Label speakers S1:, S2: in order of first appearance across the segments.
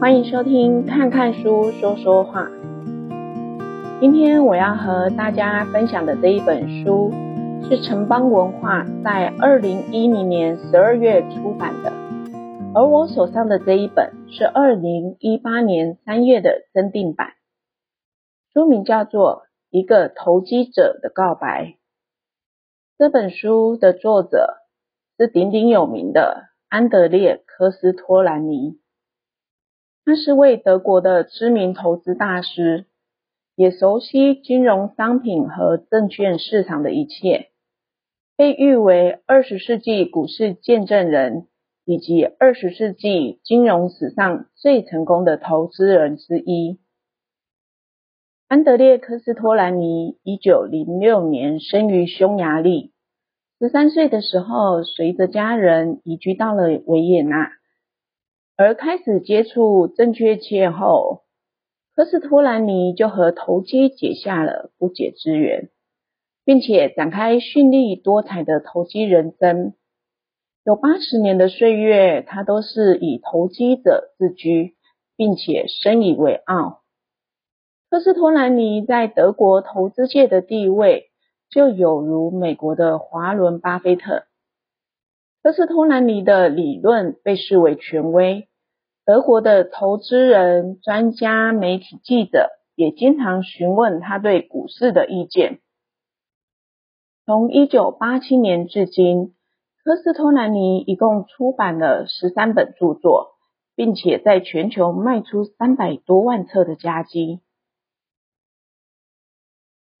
S1: 歡迎收聽《看看書說說話》。今天我要和大家分享的這一本書是城邦文化在二零一零年十二月出版的，而我手上的這一本是二零一八年三月的增訂版。書名叫做《一個投機者的告白》。這本書的作者是鼎鼎有名的安德烈·科斯托蘭尼。他是位德國的知名投資大師，也熟悉金融商品和證券市場的一切，被譽為二十世紀股市見證人、以及二十世紀金融史上最成功的投資人之一。安德烈科斯托蘭尼，一九零六年生於匈牙利，十三歲的時候，隨着家人移居到了維也納。而開始接觸證券界後，科斯托蘭尼就和投機結下了不解之緣，並且展開絢麗多彩的投機人生。有八十年的歲月，他都是以投機者自居，並且深以為傲。科斯托蘭尼在德國投資界的地位，就有如美國的華倫巴菲特。科斯托蘭尼的理論被視為權威。德國的投資人、專家、媒體記者，也經常詢問他對股市的意見。從一九八七年至今，科斯托蘭尼一共出版了十三本著作，並且在全球賣出三百多萬冊的佳績。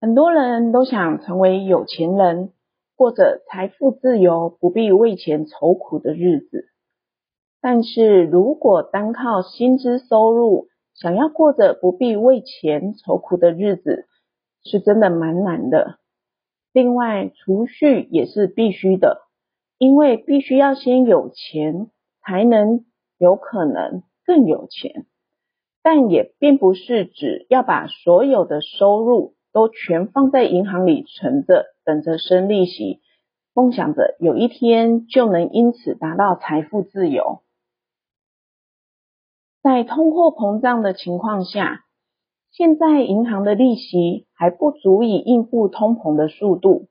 S1: 很多人都想成為有錢人，過著財富自由，不必為錢愁苦的日子。但是如果單靠薪資收入，想要過着不必為錢愁苦的日子，是真的蠻難的。另外，儲蓄也是必須的，因為必須要先有錢，才能有可能更有錢。但也並不是指要把所有的收入都全放在銀行裡存着，等着升利息，夢想着有一天就能因此達到財富自由。在通貨膨脹的情況下，現在銀行的利息還不足以應付通膨的速度，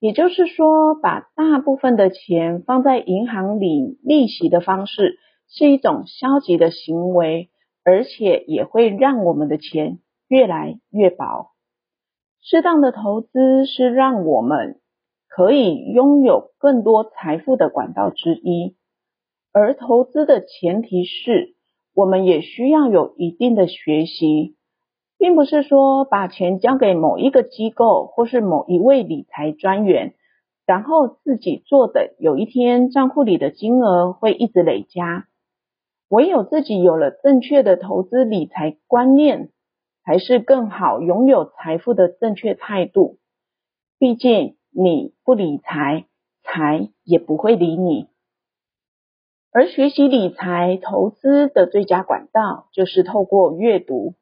S1: 也就是說，把大部分的錢放在銀行領利息的方式，是一種消極的行為，而且也會讓我們的錢越來越薄。適當的投資是讓我們可以擁有更多財富的管道之一，而投資的前提是，我們也需要有一定的學習，並不是說把錢交給某一個機構或是某一位理財專員，然後自己坐等有一天賬戶裡的金額會一直累加。唯有自己有了正確的投資理財觀念，才是更好擁有財富的正確態度。畢竟你不理財，財也不會理你。而學習理財投資的最佳管道就是透過閱讀。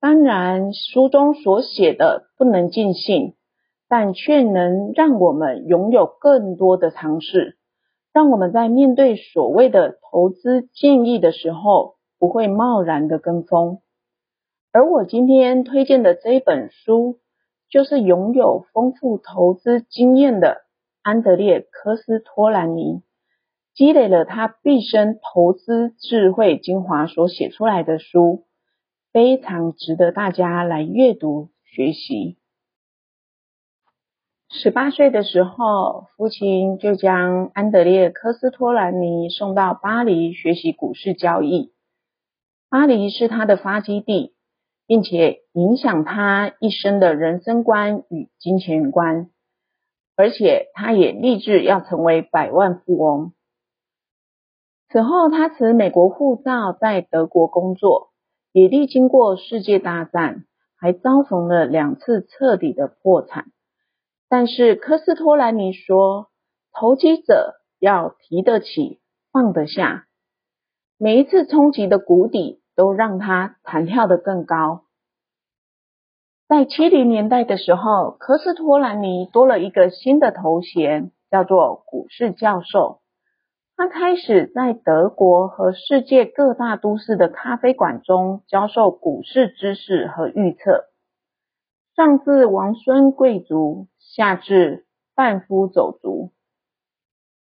S1: 當然，書中所寫的不能盡信，但卻能讓我們擁有更多的常識。讓我們在面對所謂的投資建議的時候，不會貿然的跟風。而我今天推薦的這一本書，就是擁有豐富投資經驗的安德烈・科斯托蘭尼。積累了他畢生投資智慧精華所寫出來的書，非常值得大家來閱讀學習。十八歲的時候，父親就將安德烈·科斯托蘭尼送到巴黎學習股市交易。巴黎是他的發跡地，並且影響他一生的人生觀與金錢觀。而且他也立志要成為百萬富翁。此後，他持美國護照在德國工作，也歷經過世界大戰，還遭逢了兩次徹底的破產。但是科斯托蘭尼說，投機者要提得起，放得下。每一次衝擊的谷底，都讓他彈跳得更高。在七零年代的時候，科斯托蘭尼多了一個新的頭銜，叫做股市教授。他開始在德國和世界各大都市的咖啡館中教授股市知識和預測，上至王孫貴族，下至販夫走卒，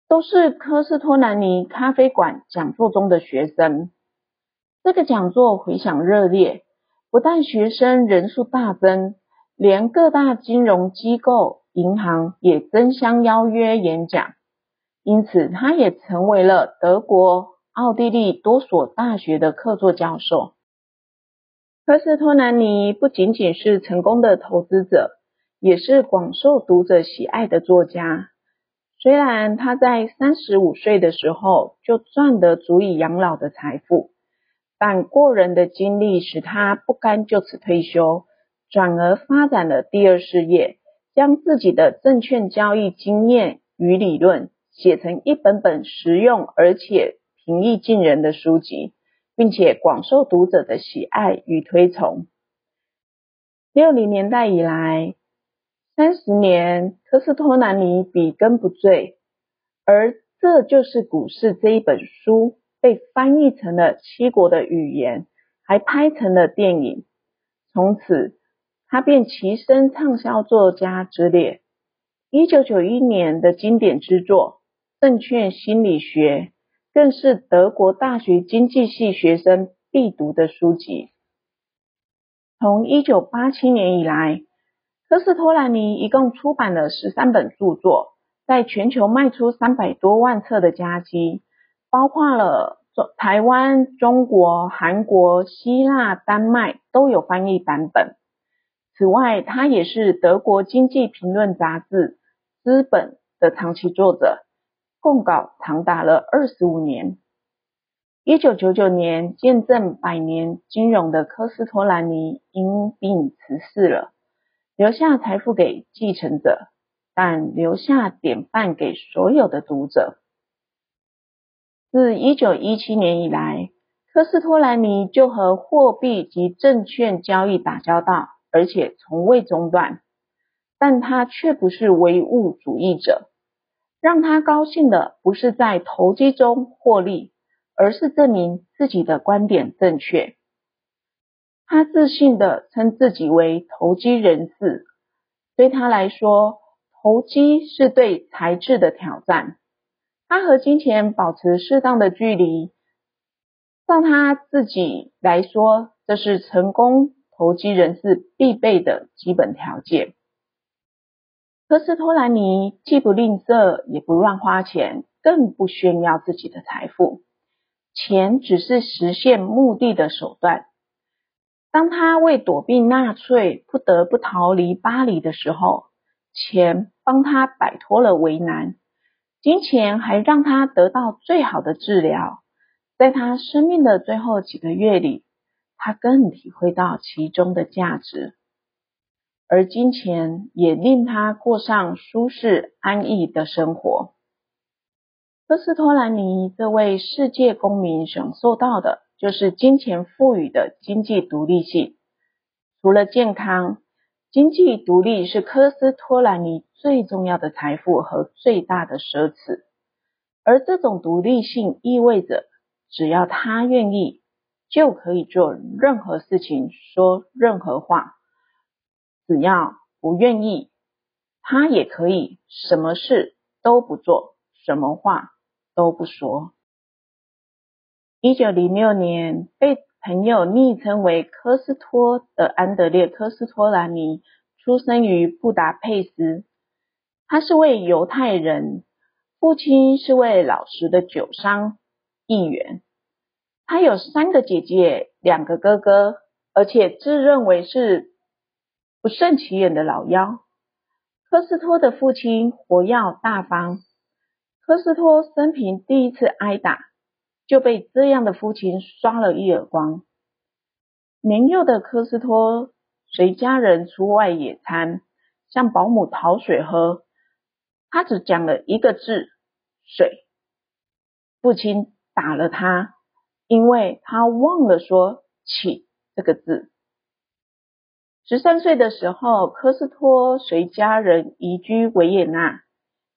S1: 都是科斯托蘭尼咖啡館講座中的學生。這個講座回響熱烈，不但學生人數大增，連各大金融機構、銀行也爭相邀約演講。因此，他也成為了德國、奧地利多所大學的客座教授。科斯托蘭尼不僅僅是成功的投資者，也是廣受讀者喜愛的作家。雖然他在三十五歲的時候就賺得足以養老的財富，但過人的經歷使他不甘就此退休，轉而發展了第二事業，將自己的證券交易經驗與理論，寫成一本本實用而且平易近人的書籍，並且廣受讀者的喜愛與推崇。六零年代以來，三十年科斯托蘭尼筆耕不輟，而《這就是股市》這一本書被翻譯成了七國的語言，還拍成了電影。從此，他便躋身暢銷作家之列。一九九一年的經典之作。《證券心理學》更是德國大學經濟系學生必讀的書籍。從一九八七年以來，科斯托蘭尼一共出版了十三本著作，在全球賣出三百多萬冊的佳績，包括了台、台灣、中國、韓國、希臘、丹麥都有翻譯版本。此外，他也是德國經濟評論雜誌《資本》的長期作者。供稿長達了二十五年。一九九九年，見證百年金融的科斯托蘭尼因病辭世了，留下財富給繼承者，但留下典範給所有的讀者。自一九一七年以來，科斯托蘭尼就和貨幣及證券交易打交道，而且從未中斷，但他卻不是唯物主義者。讓他高興的不是在投機中獲利，而是證明自己的觀點正確。他自信地稱自己為投機人士。對他來說，投機是對才智的挑戰。他和金錢保持適當的距離，讓他自己來說，這是成功投機人士必備的基本條件。科斯托蘭尼既不吝嗇，也不亂花錢，更不炫耀自己的財富。錢只是實現目的的手段。當他為躲避納粹不得不逃離巴黎的時候，錢幫他擺脫了為難。金錢還讓他得到最好的治療。在他生命的最後幾個月裡，他更體會到其中的價值。而金錢也令他過上舒適安逸的生活。科斯托蘭尼這位世界公民享受到的就是金錢賦予的經濟獨立性。除了健康，經濟獨立是科斯托蘭尼最重要的財富和最大的奢侈。而這種獨立性意味着，只要他願意，就可以做任何事情，說任何話。只要不願意，他也可以什麼事都不做，什麼話都不說。一九零六年，被朋友昵稱為科斯托的安德烈科斯托蘭尼出生於布達佩斯。他是位猶太人，父親是位老實的酒商議員。他有三個姐姐，兩個哥哥，而且自認為是。不甚起眼的老妖科斯托的父親活躍大方。科斯托生平第一次挨打，就被這樣的父親刷了一耳光。年幼的科斯托隨家人出外野餐，向保姆討水喝，他只講了一個字“水”。父親打了他，因為他忘了說“請”這個字。十三歲的時候，科斯托隨家人移居維也納。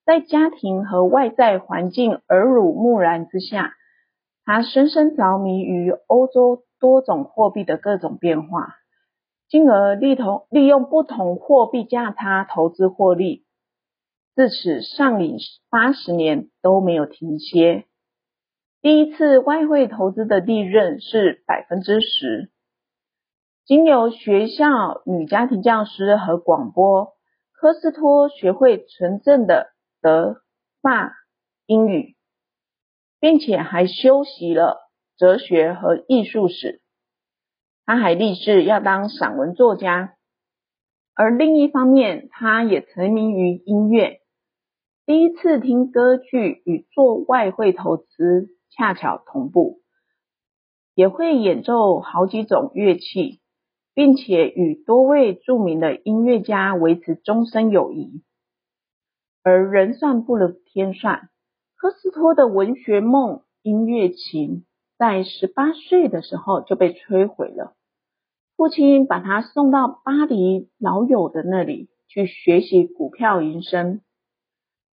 S1: 在家庭和外在環境耳濡目染之下，他深深着迷於歐洲多種貨幣的各種變化，進而利同利用不同貨幣價差投資獲利。自此上癮八十年都沒有停歇。第一次外匯投資的利潤是百分之十。經由學校與家庭教師和廣播，科斯托學會純正的德法英語，並且還修習了哲學和藝術史。他還立志要當散文作家，而另一方面，他也沉迷於音樂。第一次聽歌劇與做外匯投資恰巧同步，也會演奏好幾種樂器。並且與多位著名的音樂家維持終身友誼。而人算不如天算，科斯托的文學夢、音樂情，在十八歲的時候就被摧毀了。父親把他送到巴黎老友的那裡去學習股票營生。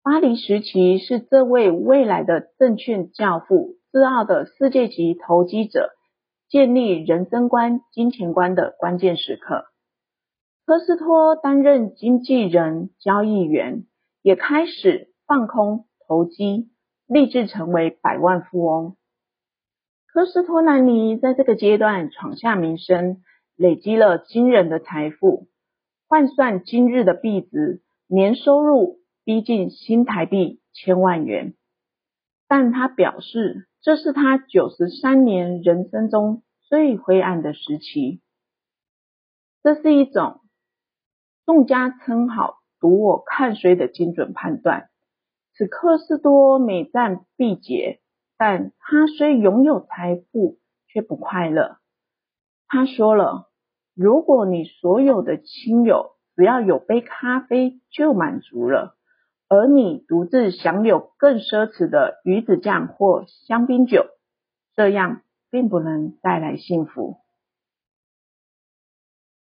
S1: 巴黎時期是這位未來的證券教父、自傲的世界級投機者。建立人生觀、金錢觀的關鍵時刻，科斯托擔任經紀人、交易員，也開始放空投機，立志成為百萬富翁。科斯托蘭尼在這個階段闖下名聲，累積了驚人的財富，換算今日的幣值，年收入逼近新台幣千萬元。但他表示。這是他九十三年人生中最灰暗的時期。這是一種眾家稱好，獨我看衰的精準判斷。此刻是多美戰必捷，但他雖擁有財富，却不快樂。他說了：“如果你所有的親友只要有杯咖啡就滿足了。”而你獨自享有更奢侈的魚子醬或香檳酒，這樣並不能帶來幸福。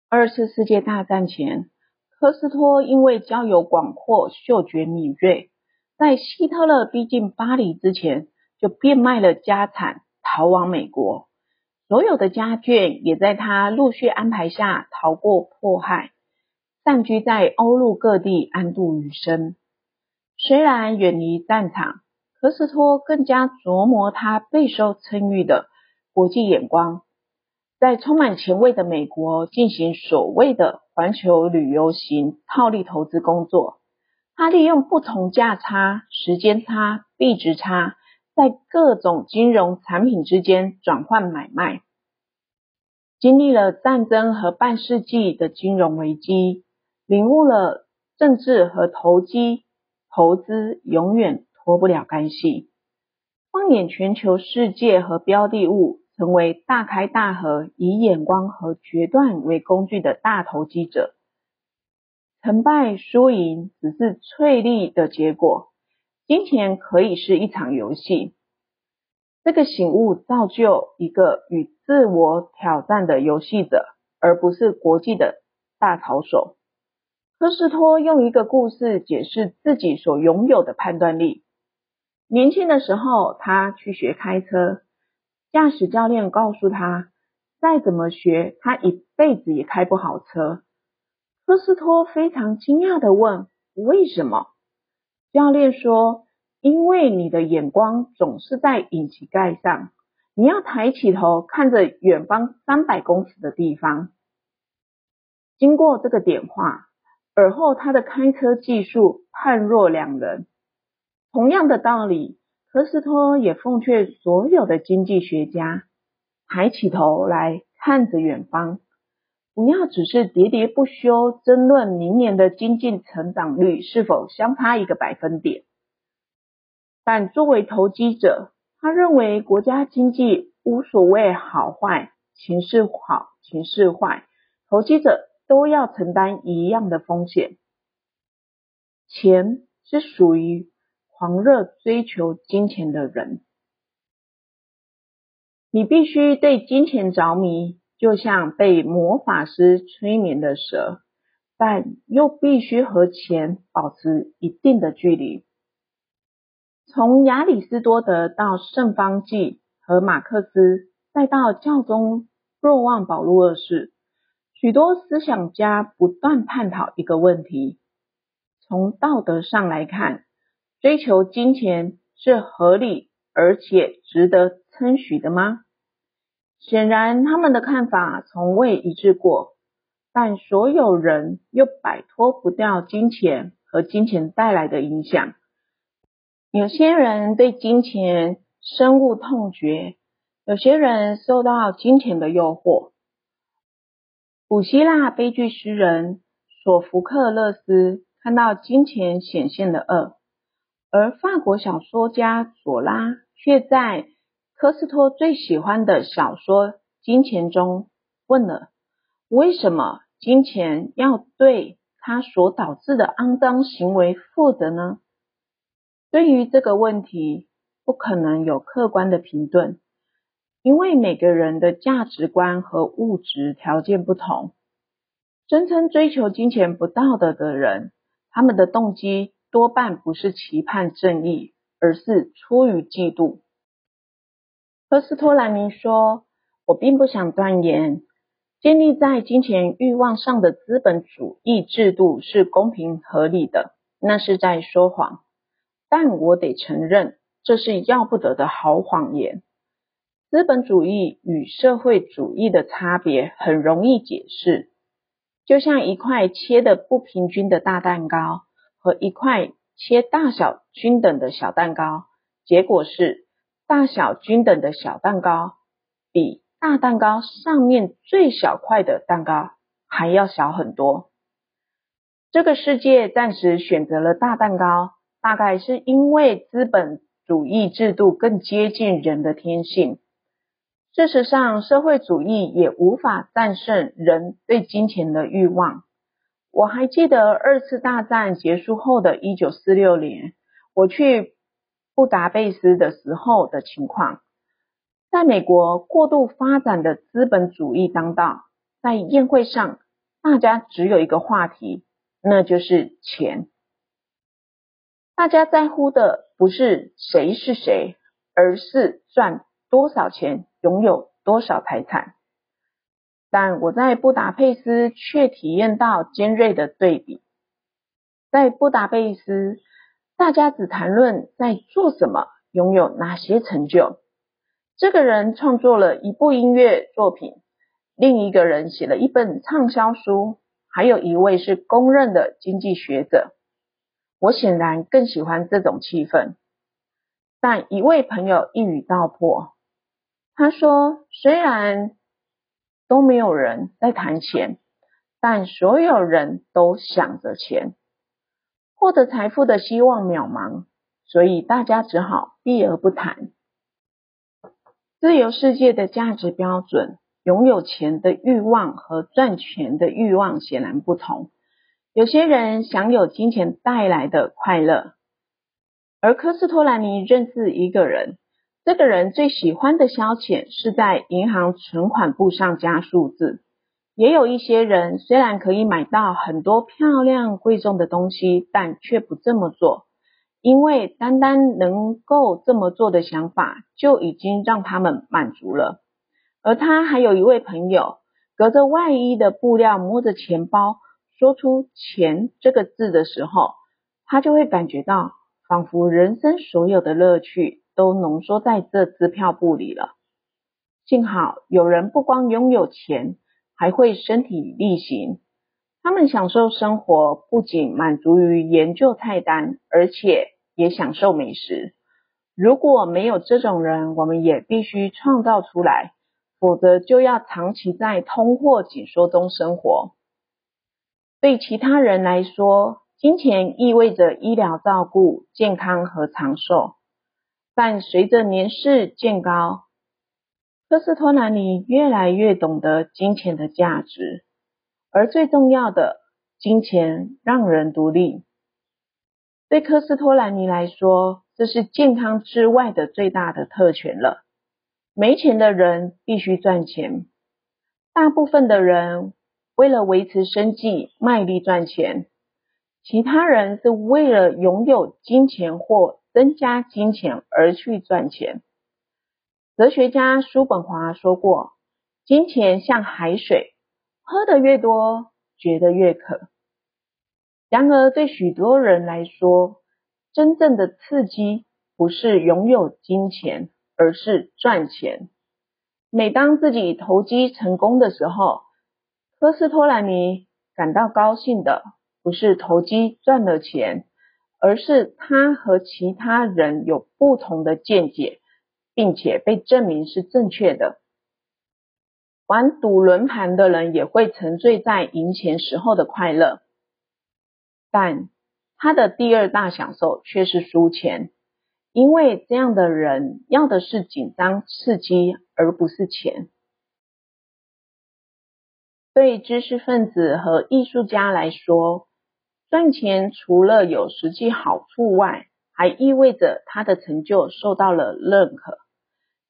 S1: 二次世界大戰前，科斯托因為交友廣闊、嗅覺敏銳，在希特勒逼近巴黎之前，就變賣了家產，逃往美國。所有的家眷也在他陸續安排下逃過迫害，散居在歐陸各地，安度餘生。雖然遠離戰場，科斯托更加琢磨他備受稱譽的國際眼光，在充滿前衛的美國進行所謂的環球旅遊型套利投資工作。他利用不同價差、時間差、幣值差，在各種金融產品之間轉換買賣。經歷了戰爭和半世紀的金融危機，領悟了政治和投機。投資永遠脫不了干係。放眼全球世界和標的物，成為大開大合，以眼光和決斷為工具的大投機者。成敗輸贏只是淬煉的結果。金錢可以是一場遊戲。這個醒悟造就一個與自我挑戰的遊戲者，而不是國際的大操手。科斯托用一個故事解釋自己所擁有的判斷力。年輕的時候，他去學開車，駕駛教練告訴他，再怎麼學，他一輩子也開不好車。科斯托非常驚訝地問：“為什麼？”教練說：“因為你的眼光總是在引擎蓋上，你要抬起頭看着遠方三百公尺的地方。”經過這個點化。而後，他的開車技術判若兩人。同樣的道理，科斯托也奉勸所有的經濟學家抬起頭來看着遠方，不要只是喋喋不休爭論明年的經濟成長率是否相差一個百分點。但作為投機者，他認為國家經濟無所謂好壞，情勢好，情勢壞，投機者。都要承擔一樣的風險。錢是屬於狂熱追求金錢的人，你必須對金錢着迷，就像被魔法師催眠的蛇，但又必須和錢保持一定的距離。從亞里士多德到聖方濟和馬克思，再到教宗若望保祿二世。許多思想家不斷探討一個問題：從道德上來看，追求金錢是合理而且值得稱許的嗎？顯然，他們的看法從未一致過，但所有人又擺脫不掉金錢和金錢帶來的影響。有些人對金錢深惡痛絕，有些人受到金錢的誘惑。古希臘悲劇詩人索福克勒斯看到金錢顯現的惡，而法國小說家索拉卻在科斯托最喜歡的小說《金錢》中問了：為什麼金錢要對他所導致的骯髒行為負責呢？對於這個問題，不可能有客觀的評論。因為每個人的價值觀和物質條件不同，真正追求金錢不道德的人，他們的動機多半不是期盼正義，而是出於嫉妒。科斯托蘭尼說：“我並不想斷言，建立在金錢欲望上的資本主義制度是公平合理的，那是在說謊。但我得承認，這是要不得的好謊言。”資本主義與社會主義的差別很容易解釋，就像一塊切的不平均的大蛋糕和一塊切大小均等的小蛋糕，結果是大小均等的小蛋糕比大蛋糕上面最小塊的蛋糕還要小很多。這個世界暫時選擇了大蛋糕，大概是因為資本主義制度更接近人的天性。事實上，社會主義也無法戰勝人對金錢的慾望。我還記得二次大戰結束後的一九四六年，我去布達佩斯的時候的情況。在美國過度發展的資本主義當道，在宴會上，大家只有一個話題，那就是錢。大家在乎的不是誰是誰，而是賺多少錢。擁有多少財產？但我在布達佩斯卻體驗到尖銳的對比。在布達佩斯，大家只談論在做什麼，擁有哪些成就。這個人創作了一部音樂作品，另一個人寫了一本暢銷書，還有一位是公認的經濟學者。我顯然更喜歡這種氣氛。但一位朋友一語道破。他說：“雖然都沒有人在談錢，但所有人都想着錢，獲得財富的希望渺茫，所以大家只好避而不談。自由世界的價值標準，擁有錢的慾望和賺錢的慾望顯然不同。有些人享有金錢帶來的快樂，而科斯托蘭尼認識一個人。”這個人最喜歡的消遣是在銀行存款簿上加數字。也有一些人雖然可以買到很多漂亮貴重的東西，但卻不這麼做，因為單單能夠這麼做的想法就已經讓他們滿足了。而他還有一位朋友，隔着外衣的布料摸着錢包，說出“錢”這個字的時候，他就會感覺到仿佛人生所有的樂趣。都濃縮在這支票簿裡了。幸好有人不光擁有錢，還會身體力行。他們享受生活，不僅滿足於研究菜單，而且也享受美食。如果沒有這種人，我們也必須創造出來，否則就要長期在通貨緊縮中生活。對其他人來說，金錢意味着醫療照顧、健康和長壽。但隨着年事漸高，科斯托蘭尼越來越懂得金錢的價值，而最重要的，金錢讓人獨立。對科斯托蘭尼來說，這是健康之外的最大的特權了。沒錢的人必須賺錢，大部分的人為了維持生計賣力賺錢，其他人是為了擁有金錢或。增加金錢而去賺錢。哲學家叔本華說過：“金錢像海水，喝得越多，覺得越渴。”然而，對許多人來說，真正的刺激不是擁有金錢，而是賺錢。每當自己投機成功的時候，科斯托蘭尼感到高興的不是投機賺了錢。而是他和其他人有不同的見解，並且被證明是正確的。玩賭輪盤的人也會沉醉在贏錢時候的快樂，但他的第二大享受卻是輸錢，因為這樣的人要的是緊張刺激，而不是錢。對知識分子和藝術家來說，賺錢除了有實際好處外，還意味着他的成就受到了認可。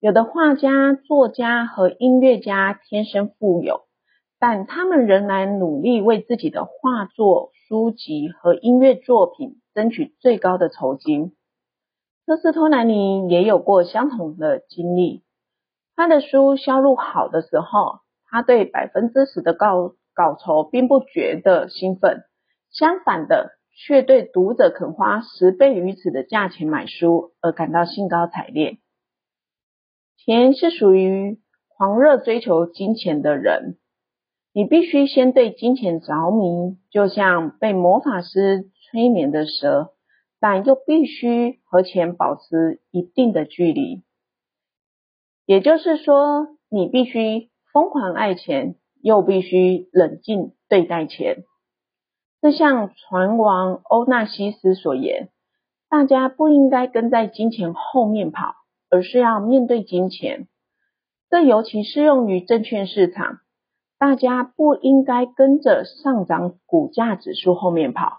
S1: 有的畫家、作家和音樂家天生富有，但他們仍然努力為自己的畫作、書籍和音樂作品爭取最高的酬金。科斯托蘭尼也有過相同的經歷。他的書銷路好的時候，他對百分之十的稿稿酬並不覺得興奮。相反的，卻對讀者肯花十倍於此的價錢買書而感到興高采烈。錢是屬於狂熱追求金錢的人，你必須先對金錢着迷，就像被魔法師催眠的蛇，但又必須和錢保持一定的距離。也就是說，你必須瘋狂愛錢，又必須冷靜對待錢。就像船王歐納西斯所言，大家不應該跟在金錢後面跑，而是要面對金錢。這尤其適用於證券市場，大家不應該跟着上漲股價指數後面跑，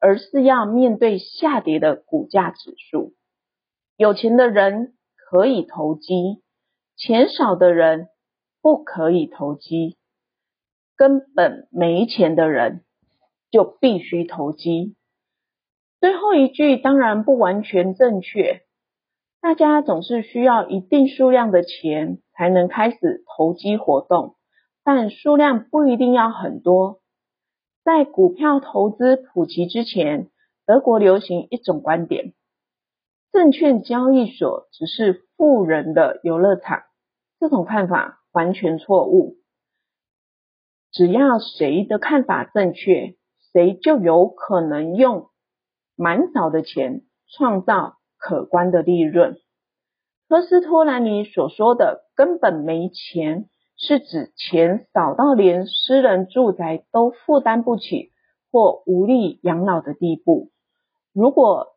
S1: 而是要面對下跌的股價指數。有錢的人可以投機，錢少的人不可以投機，根本沒錢的人，就必須投機。最後一句當然不完全正確，大家總是需要一定數量的錢才能開始投機活動，但數量不一定要很多。在股票投資普及之前，德國流行一種觀點：證券交易所只是富人的遊樂場，這種看法完全錯誤。只要誰的看法正確。誰就有可能用蠻少的錢創造可觀的利潤。科斯托蘭尼所說的“根本沒錢”，是指錢少到連私人住宅都負擔不起，或無力養老的地步。如果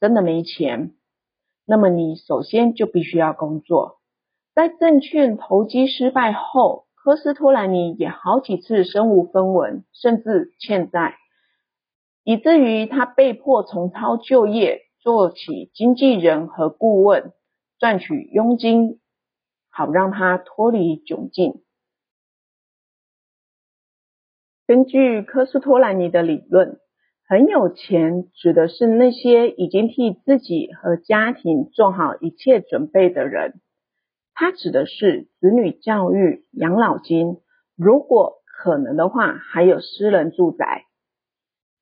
S1: 真的沒錢，那麼你首先就必須要工作。在證券投機失敗後，科斯托蘭尼也好幾次身無分文，甚至欠債。以至於他被迫重操舊業，做起經紀人和顧問，賺取佣金，好讓他脫離窘境。根據科斯托蘭尼的理論，很有錢指的是那些已經替自己和家庭做好一切準備的人。他指的是子女教育、養老金，如果可能的話，還有私人住宅。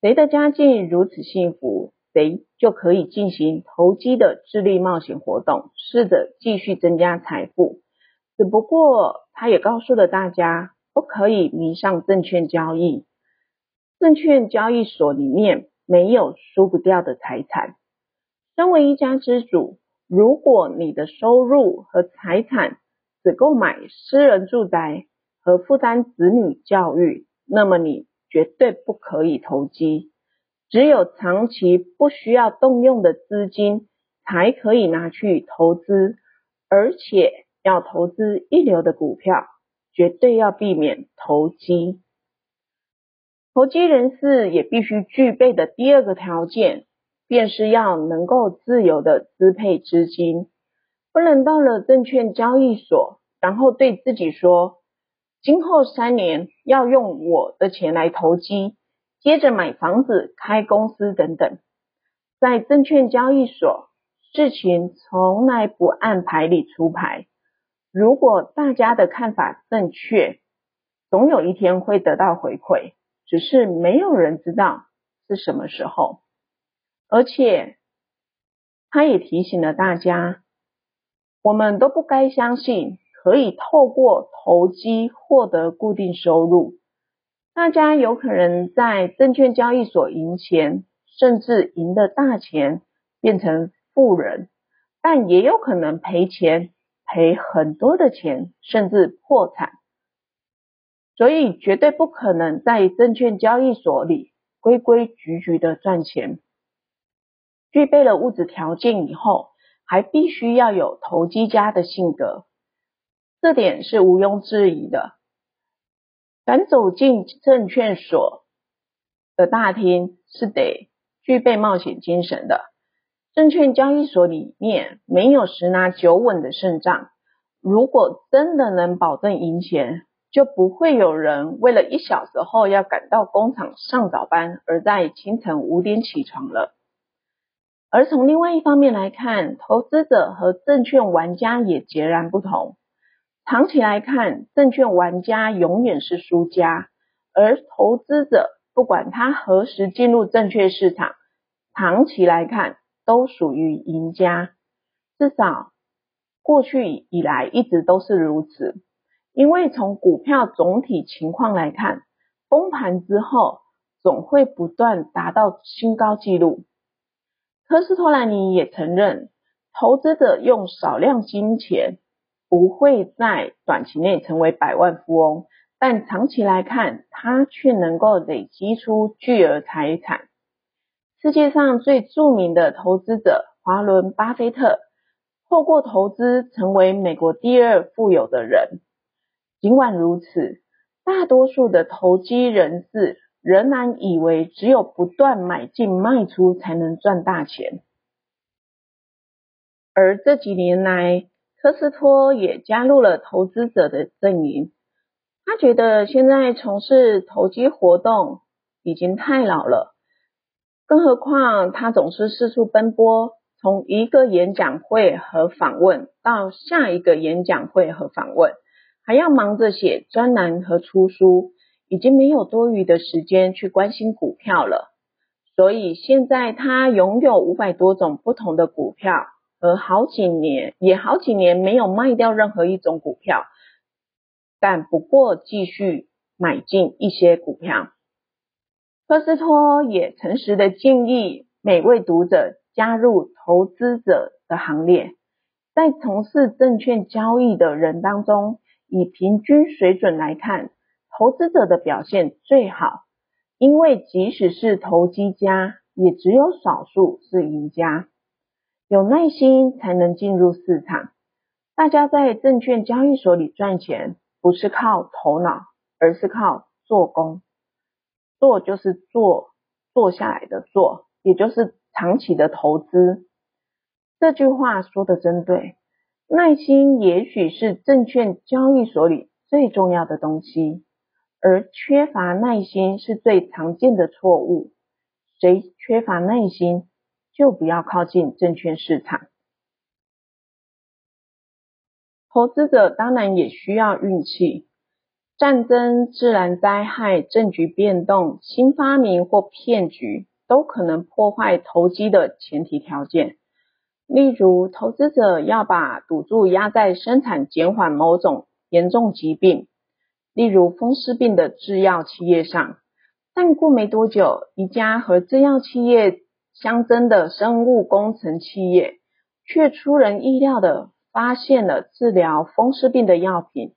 S1: 誰的家境如此幸福，誰就可以進行投機的智力冒險活動，試着繼續增加財富。只不過，他也告訴了大家，不可以迷上證券交易。證券交易所裡面沒有輸不掉的財產。身為一家之主，如果你的收入和財產只夠買私人住宅和負擔子女教育，那麼你。絕對不可以投機，只有長期不需要動用的資金才可以拿去投資，而且要投資一流的股票，絕對要避免投機。投機人士也必須具備的第二個條件，便是要能夠自由的支配資金，不能到了證券交易所，然後對自己說，今後三年要用我的錢來投機，接着買房子、開公司等等。在證券交易所，事情從來不按牌理出牌。如果大家的看法正確，總有一天會得到回饋，只是沒有人知道是什麼時候。而且，他也提醒了大家，我們都不該相信，可以透過投機獲得固定收入，大家有可能在證券交易所贏錢，甚至贏得大錢，變成富人，但也有可能賠錢，賠很多的錢，甚至破產。所以絕對不可能在證券交易所裡規規矩矩的賺錢。具備了物質條件以後，還必須要有投機家的性格。這點是毋庸置疑的。敢走進證券所的大廳是得具備冒險精神的。證券交易所裡面沒有十拿九穩的勝仗。如果真的能保證贏錢，就不會有人為了一小時後要趕到工廠上早班而在清晨五點起床了。而從另外一方面來看，投資者和證券玩家也截然不同。長期來看，證券玩家永遠是輸家，而投資者不管他何時進入證券市場，長期來看都屬於贏家，至少過去以來一直都是如此。因為從股票總體情況來看，崩盤之後總會不斷達到新高紀錄。科斯托蘭尼也承認，投資者用少量金錢，不會在短期內成為百萬富翁，但長期來看，他卻能夠累積出巨額財產。世界上最著名的投資者華倫巴菲特，透過投資成為美國第二富有的人。儘管如此，大多數的投機人士仍然以為只有不斷買進賣出才能賺大錢。而這幾年來，科斯托也加入了投資者的陣營。他覺得現在從事投機活動已經太老了，更何況他總是四處奔波，從一個演講會和訪問到下一個演講會和訪問，還要忙着寫專欄和出書，已經沒有多餘的時間去關心股票了。所以現在他擁有五百多種不同的股票。而好幾年也好幾年沒有賣掉任何一種股票，但不過繼續買進一些股票。科斯托也誠實地建議每位讀者加入投資者的行列。在從事證券交易的人當中，以平均水準來看，投資者的表現最好，因為即使是投機家，也只有少數是贏家。有耐心才能進入市場。大家在證券交易所裡賺錢，不是靠頭腦，而是靠坐功。坐就是坐，坐下來的坐，也就是長期的投資。這句話說得真對。耐心也許是證券交易所裡最重要的東西，而缺乏耐心是最常見的錯誤。誰缺乏耐心？就不要靠近證券市場。投資者當然也需要運氣。戰爭、自然災害、政局變動、新發明或騙局，都可能破壞投機的前提條件。例如，投資者要把賭注押在生產減緩某種嚴重疾病，例如風濕病的制藥企業上。但過沒多久，一家和制藥企業。相爭的生物工程企業，卻出人意料地發現了治療風濕病的藥品。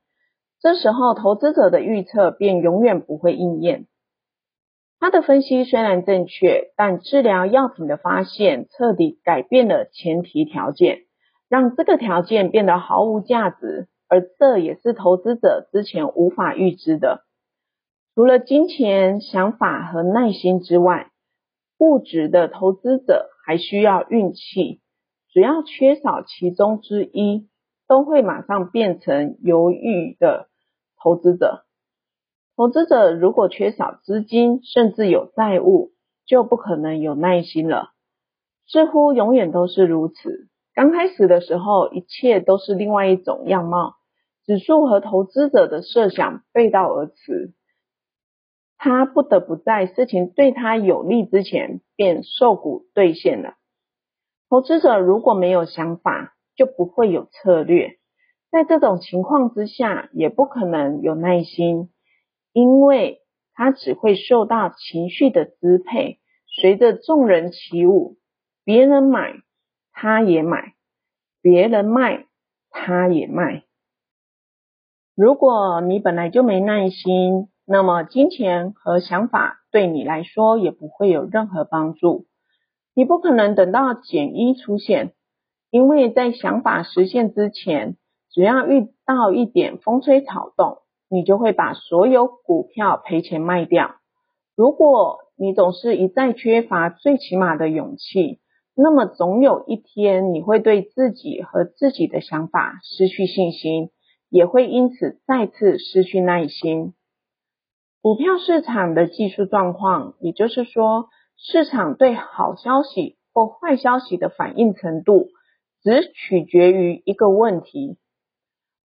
S1: 這時候投資者的預測便永遠不會應驗。他的分析雖然正確，但治療藥品的發現徹底改變了前提條件，讓這個條件變得毫無價值。而這也是投資者之前無法預知的。除了金錢、想法和耐心之外，物質的投資者還需要運氣，只要缺少其中之一，都會馬上變成猶豫的投資者。投資者如果缺少資金，甚至有債務，就不可能有耐心了。似乎永遠都是如此。剛開始的時候，一切都是另外一種樣貌，指數和投資者的設想背道而馳。他不得不在事情對他有利之前，便售股兌現了。投資者如果沒有想法，就不會有策略。在這種情況之下，也不可能有耐心，因為他只會受到情緒的支配。隨着眾人起舞，別人買他也買，別人賣他也賣。如果你本來就沒耐心，那麼金錢和想法對你來說也不會有任何幫助。你不可能等到減一出現，因為在想法實現之前，只要遇到一點風吹草動，你就會把所有股票賠錢賣掉。如果你總是一再缺乏最起碼的勇氣，那麼總有一天你會對自己和自己的想法失去信心，也會因此再次失去耐心。股票市場的技術狀況，也就是說，市場對好消息或壞消息的反應程度，只取決於一個問題：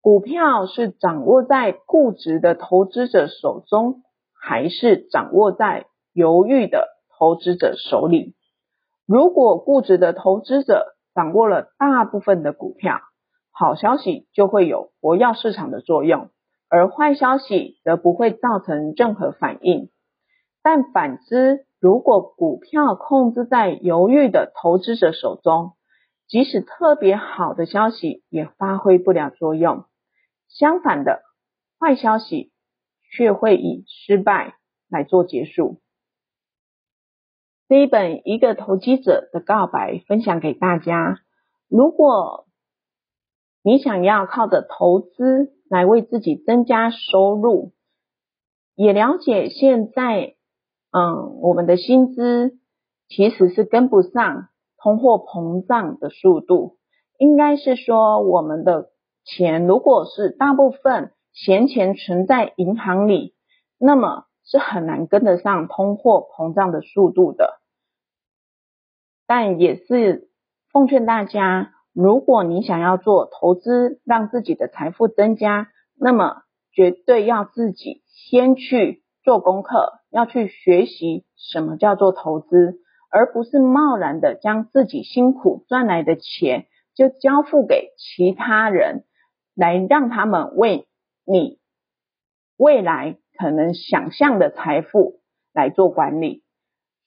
S1: 股票是掌握在固執的投資者手中，還是掌握在猶豫的投資者手裡？如果固執的投資者掌握了大部分的股票，好消息就會有活躍市場的作用。而壞消息則不會造成任何反應，但反之，如果股票控制在猶豫的投資者手中，即使特別好的消息也發揮不了作用。相反的，壞消息卻會以失敗來做結束。這一本《一個投機者的告白》分享給大家。如果你想要靠着投資，來為自己增加收入，也了解現在，嗯，我們的薪資其實是跟不上通貨膨脹的速度。應該是說，我們的錢如果是大部分閒錢存在銀行裡，那麼是很難跟得上通貨膨脹的速度的。但也是奉勸大家。如果你想要做投資，讓自己的財富增加，那麼絕對要自己先去做功課，要去學習什麼叫做投資，而不是貿然的將自己辛苦賺來的錢就交付給其他人，來讓他們為你未來可能想象的財富來做管理。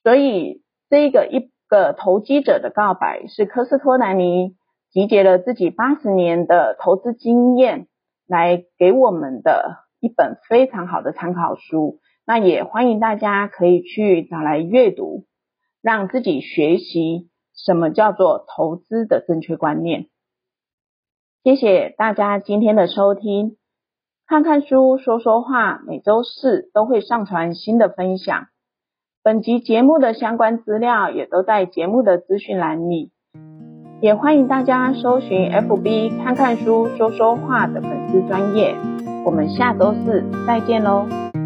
S1: 所以，這個一個投機者的告白是科斯托蘭尼集結了自己八十年的投資經驗，來給我們的一本非常好的參考書。那也歡迎大家可以去拿來閱讀，讓自己學習什麼叫做投資的正確觀念。謝謝大家今天的收聽。看看書，說說話，每周四都會上傳新的分享。本集節目的相關資料也都在節目的資訊欄裡。也歡迎大家搜尋 FB 看看書、說說話的粉絲專頁。我們下周四再見嘍！